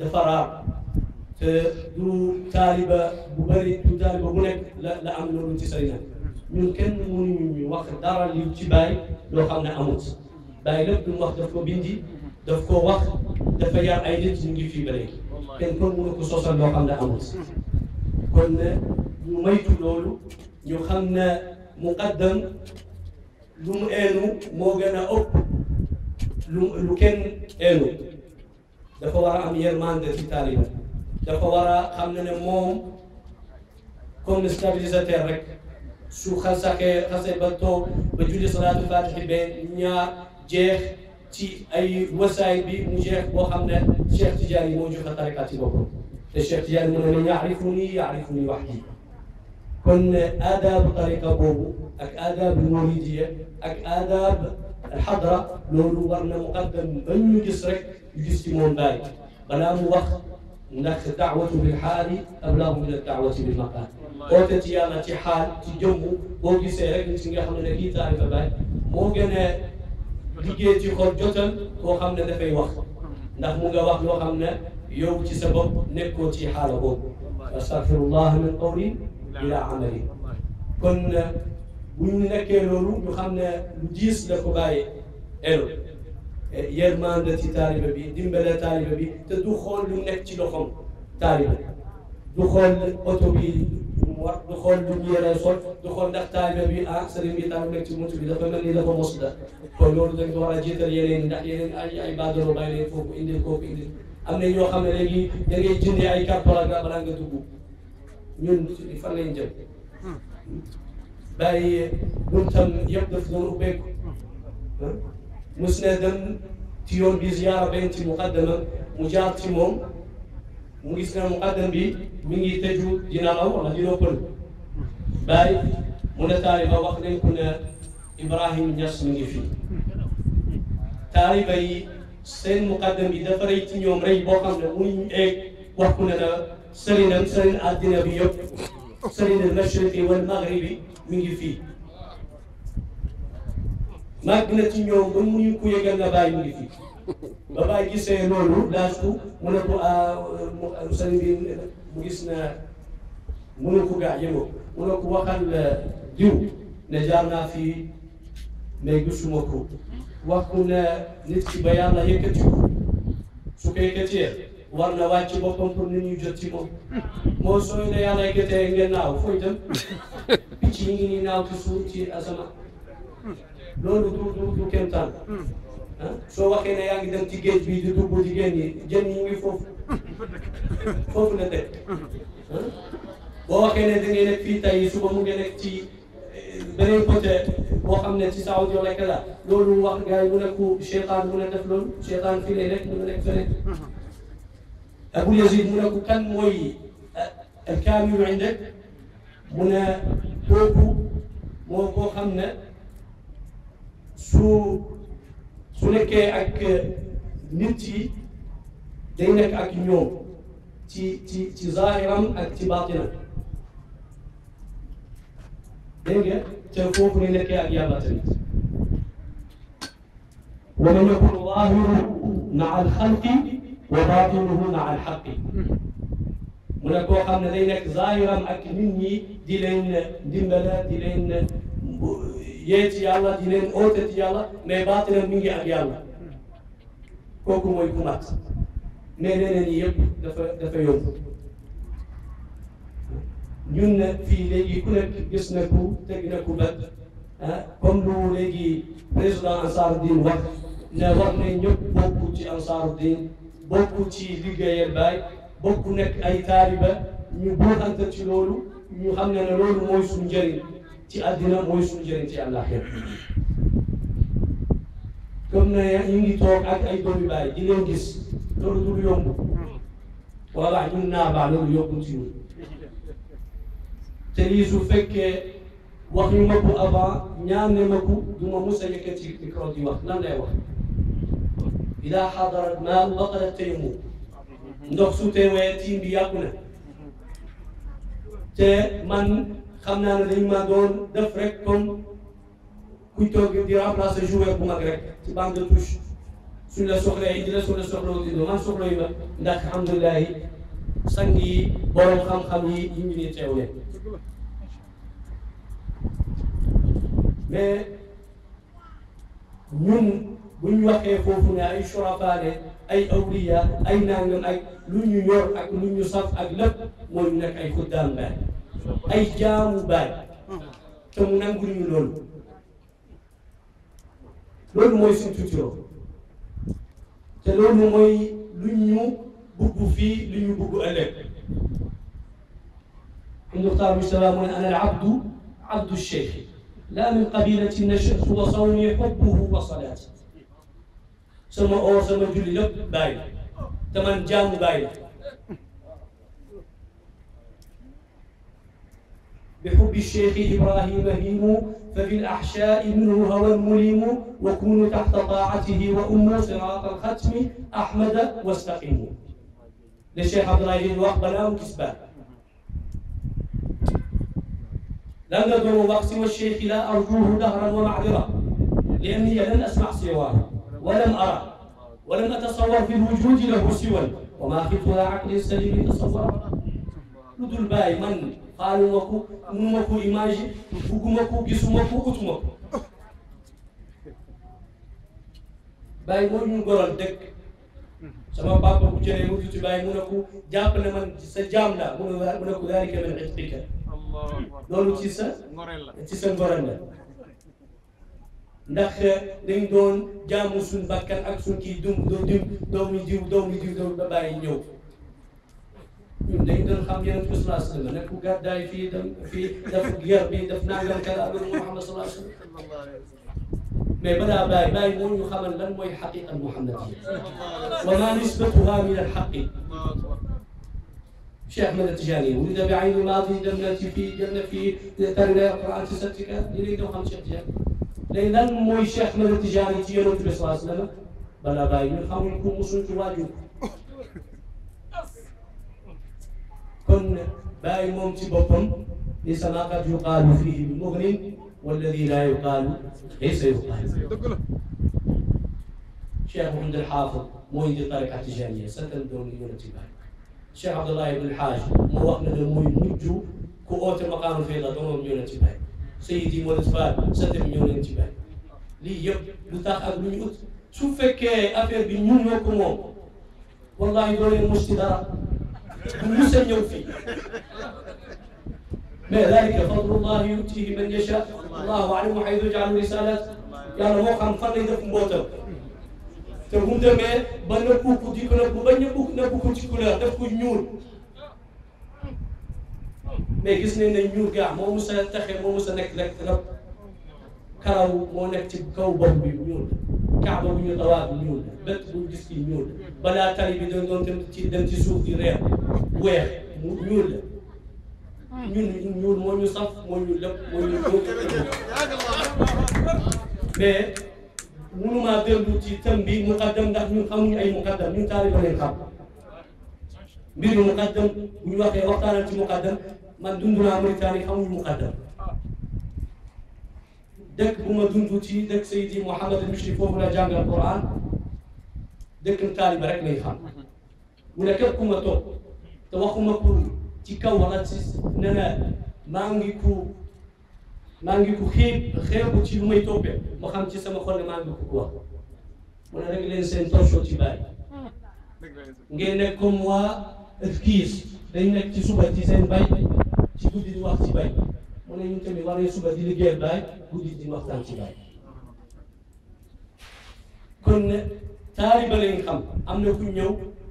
دفرار تدرو تالبة مبرد تالبة منك لا لا عملوا انتصارنا يمكن من من وقت دار اللي تباي لو خلنا أموت باي لب من وقت دفكو بندي دفكو وقت دفيار أيدي زنجي في بريك كان كل من خصوصا لو خلنا أموت كنا نميت لولو يخلنا مقدم لم أنو موجنا أب لو كان أنو dafa war a am yërmande ci taalibe dafa war a xam ne ne moom comme stabilisateur rek su xasakee xase ba toog ba julli salaatu fatixi be ñaar jeex ci ay wasaay bi mu jeex boo xam ne Cheikh Tidiane moo joxe tariqa ci boppam te Cheikh Tidiane mu ne ne yaarifuni yaarifuni waxdi kon aadaab tariqa boobu ak aadaab muridiya ak aadaab الحضرة لولو ورنا مقدم بنو جسرك جسي مون دايت بلا موخ نخ دعوة بالحال أبلغ من الدعوة بالمقال قوتت يا ما تحال تجمو بوكي سيرك نسنجا حمنا لكي تعرف باي موغن ديجي تخور جوتن كو حمنا دفعي وقت نخ موغا وقت لو حمنا يوم تي سبب نكو تي حال أبو أستغفر الله من قولي إلى عملي كن bu ñu nekkee loolu ñu xam ne lu diis la ko bàyyi elu yërmande ci taaliba bi dimbale taaliba bi te du xool lu nekk ci loxoom taaliba du xool oto bi mu war du xool lu mu yore sol du xool ndax taaliba bi ah sëriñ bi taal nekk ci mutu bi dafa mel ni dafa mos la kon loolu dañ ko war a jiital ndax yeneen ay ay baadoro bàyyi leen foofu kooku indil am na ñoo xam ne léegi da ngay jëndee ay carte balaa nga balaa nga dugg ñun fan lañ jëm hmm. bàyyi buntam yëpp daf doon ubbeeku mos ne dem ci yoon bi ziyaara benn ci muqaddama mu jaar ci moom mu gis ne muqaddam bi mi ngi tëju dina aw wala dina pël bàyyi mu ne taaliba wax nañ ku ne Ibrahim Niass mi ngi fi taaliba yi seen muqaddam bi dafa rey ci ñoom rey boo xam ne munuñ eeg wax ku ne la sëriñam sëriñ àddina bi yëpp تقصرين المشرقي والمغربي من يفي ما قلت يوم من يكو يقلنا باي من يفي بابا يجيس يلولو لازكو منكو آه، مسلمين مجيسنا منكو قاعدينو منكو وقال آه، ديو نجارنا في ما يقصو مكو وقونا نتكي بيانا يكتكو سوكي كتير war na wàcc boppam pour nit ñu jot ci moom moo sooy ne yàlla gëtee ngeen naaw fooy dem picc yi ngi nii naaw ci suuf ci asamaan loolu du du du kéemtaan soo waxee ne yaa ngi dem ci géej bi di dugg jigéen yi jën yi ngi foofu foofu la teg boo waxee ne da ngay nekk fii tey suba mu ngi nekk ci beneen côté boo xam ne ci Saudi rekk la loolu wax gars yi mu nekku cheytaan mu ne def loolu cheytaan fii lay nekk mu nekk feneen ابو يزيد منا كان موي الكامل عندك منا توكو مو كو خمنا سو سو اك نيتي دينك اك نيوم تي تي تي ظاهرا اك تي باطنا دينك تفوق لك اك يا باطنا ولم يكن ظاهر مع الخلق وباطنه مع الحق هناك وقام لدينا ظاهرا اكنني دلين دمبلا دلين ياتي الله دلين اوتت الله ما باطل مني ابي كوكو كوكو ويكومات ما لنا يب دفا دفا يوم نيون في لي كونك جسنكو تجنكو بد كم لو لي بريزدان انصار الدين وقت لا وقت نيوك بوكو انصار الدين bokk ci liggéeyal baay bokk nekk ay taaliba ñu buuxante ci loolu ñu xam ne ne loolu mooy suñu ci àddina mooy suñu njëriñ ci àllaaxira comme ne ñu ngi toog ak ay doomi baay di gis loolu du yomb wala ñun naa baax loolu yombul ci ñun te lii fekkee wax ñu ma avant ñaan ne ma ko du ma mos a yëkkati micro di wax lan lay wax. إلى حضرة ما وقت التيمم نقصو تيمم بياكنا تا من خمنا ندري ما دون دفرككم كنتو ديرا بلاصة جوا بوما كريك تي باند توش سنة سخرة عيدنا سنة سخرة ودي دو ما سخرة يبا ندك الحمد لله سنجي بورو خم خمي يمين تيمم مي ñun bu ñu waxee foofu ne ay surafaane ay awliya ay nangam ak lu ñu yor ak lu ñu saf ak lépp mooy nekk ay xuddaan baay ay jaamu baay te mu nangul ñu loolu loolu mooy suñu culture te loolu mooy lu ñu bugg fii lu ñu bugg ëllëg المختار بالسلام أنا العبد عبد الشيخ لا من قبيلة نشأت وصومي حبه وصلاتي sama oo sama julli lépp bàyyi te man jaamu بحب الشيخ إبراهيم هيم ففي الأحشاء منه هوى مليم وكونوا تحت طاعته وأموا صراط الختم أحمد واستقيموا للشيخ عبد العزيز وقبنا كسبان. لا ندعو وقت والشيخ لا أرجوه دهرا ومعذرة لأني لن أسمع سواه ولم أرى ولم أتصور في الوجود له سوى وما خفت عقلي السليم تصور لدول الباي من قالوا مكو مكو إيماجي فوقو مكو جسو مكو أتو مكو باي مو نقول دك سما بابا ku jëlee mu tuuti bàyyi mu ne ko jàpp ne man sa jaam laa mu ne mu ne ko تيسا min ndax dañ doon jaamu suñ bakkan ak suñ kii dum doo dim doomu diw doomu diw doomu ba bàyyi ñëw ñun dañ doon xam yeneen bi salaa sallam ne ku gàddaay fii dem fii def ger bi def nangam kala ak Muhammad salaa sallam mais balaa bàyyi bàyyi moo ñu xamal lan mooy xaqiqa muhammadiyya wa ma nisbatuha min alxaqi شيخ احمد التجاني ولد بعين الماضي دمنا في دمنا في ترنا القران في ست كان يريد خمس شيخ تجاني لأن موي شيخ من التجاري تيرو تبي صلى الله عليه وسلم بلا باي من خمركم وصل تواجه كن باي مومتي بطن لسلاقة يقال فيه بمغنم والذي لا يقال ليس يقال شيخ عند الحافظ مو دي طريقة تجارية ستن دون يونتي شيخ عبد الله بن الحاج مو وقت موي يمجو كو اوت مقام الفيضة دون يونتي باي سيدي مورتبال ست مليون انتباه لي لوطاخ اك لو نوت سو فكي افير بي نيو نيو كومون والله دوري مشتي دارا موسى نيو في ما ذلك فضل الله يؤتيه من يشاء الله اعلم حيث يجعل الرسالات يا رب خم فضل دف موتو تهوم دمي بنكو كو ديكو نكو بنكو نكو كو ديكو نكو نكو mais gis nañ ne ñu gaa moo mus a taxe moo mus a nekk rek rab karaw moo nekk ci kaw bopp bi ñuul kaaba bu ñu dawaat ñuul bët bu gis ci ñuul balaa tali bi dañ doon dem ci dem ci suuf di reer weex mu ñuul la ñun ñuul moo ñu saf moo ñu lépp moo ñu ñuul mais mënumaa dellu ci tam bi mu muqaddam ndax ñun xamuñu ay mu muqaddam ñun taaliba leen xam mbir mi muqaddam bu ñu waxee waxtaanal ci muqaddam من دون دون أمر تاني أمر مقدم دك بما دون دوتي دك سيدي محمد المشري فوق ولا جامع القرآن دك نتالي برك ميخان ولا كبكم تو توخم كل تيكا ولا تسيس ننا مانجيكو مانجيكو خيب خيب وتشيلو ما يتوبة ما خم تسمى خلنا مانجيكو كوا ولا رجلين سنتور شو تباي نجنكم وا إذكيس لأنك تسوبة تزين باي guddi di wax ci bay mu ne ñun tamit waree suba di liggéeyal baay guddi di waxtaan ci baay kon ne taaliba am na ku ñëw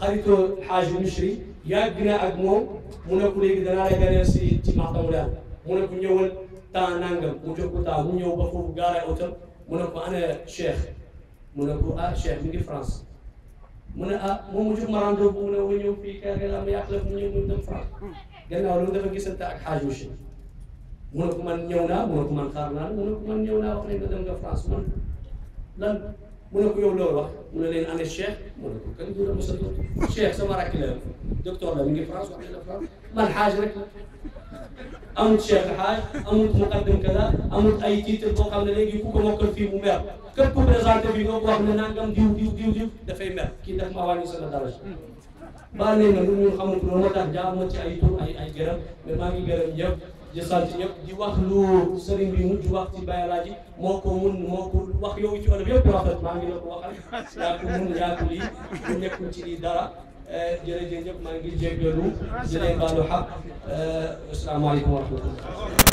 xaritoo xaaju Misri yàgg na ak mu ne ko léegi danaa la ganeel si ci maxtamu mu ne ko ñëwal temps nangam mu jox ko temps mu ñëw ba foofu gaaraay otam mu ne ko ana Cheikh mu ne ko ah Cheikh mi ngi France mu ah, mu jox ma rendez mu ne ko ñëw fii kër gi la am mu ñëw mu dem France قالنا ولو ده بنقيس انت حاجه وش منك من يونا منك من خارنا منك من يونا وقرينا دم فرانس من لن منك يوم لورا من لين انا الشيخ منك كان يقول مسدود الشيخ سمارا كلام دكتور لا من فرانس ولا فرانس ما الحاج لك أمد شيخ الحاج أمد مقدم كذا أمد أي تيتر بوك عمل لي يكوك موكل في ممر كم كم رزانت في نوبة من نانجم ديو ديو ديو ديو دفع مر كده ما واني سنة درجة maa nee na lu ñun xamul lu tax jaa ci ay tur ay ay gërëm mais maa ngi gërëm ñëpp di sant ñëpp di wax lu sërin bi mujj wax ci Baye Alaaji moo ko mun moo wax yow ci olof yëpp wax maa ngi la wax waxal yaa ko mun yaa ko lii du nekkul ci lii dara eh, jërëjëf ñëpp maa ngi jéggalu di leen baalu xaq eh, asalaamaaleykum wa rahmatullah